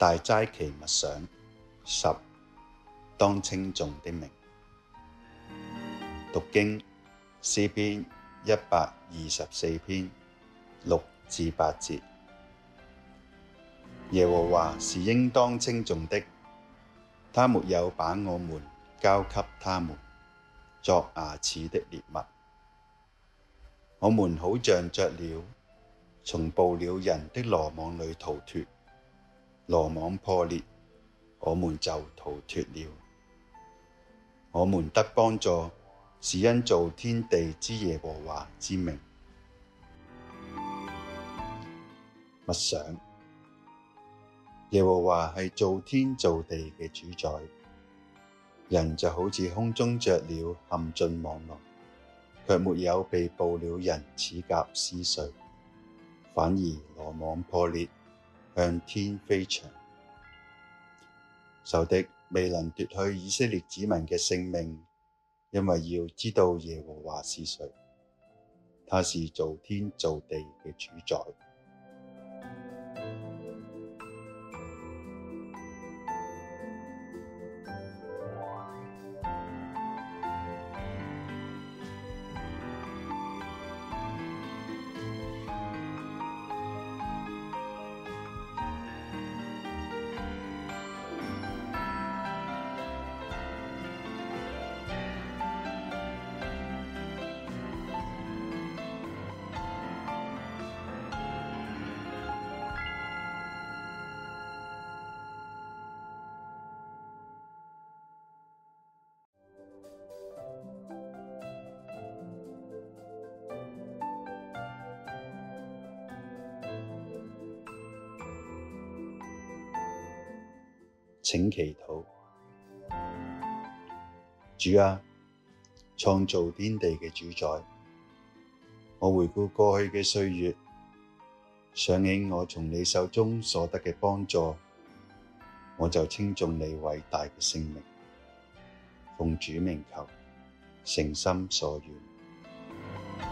大齋期默想十當稱頌的名，讀經詩篇一百二十四篇六至八節。耶和華是應當稱頌的，他沒有把我們交給他們作牙齒的獵物，我們好像雀鳥從捕鳥人的羅網裏逃脱。羅網破裂，我們就逃脱了。我們得幫助，是因造天地之耶和華之名。默想，耶和華係造天造地嘅主宰，人就好似空中雀鳥陷進網內，卻沒有被捕鳥人齒甲撕碎，反而羅網破裂。向天飛翔，仇敵未能奪去以色列子民嘅性命，因為要知道耶和華是誰，他是造天造地嘅主宰。請祈禱，主啊，創造天地嘅主宰，我回顧過去嘅歲月，想起我從你手中所得嘅幫助，我就稱頌你偉大嘅聖名。奉主名求，誠心所願，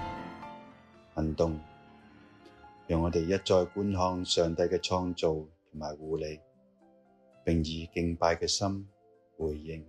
行動，讓我哋一再觀看上帝嘅創造同埋護理。並以敬拜的心回應。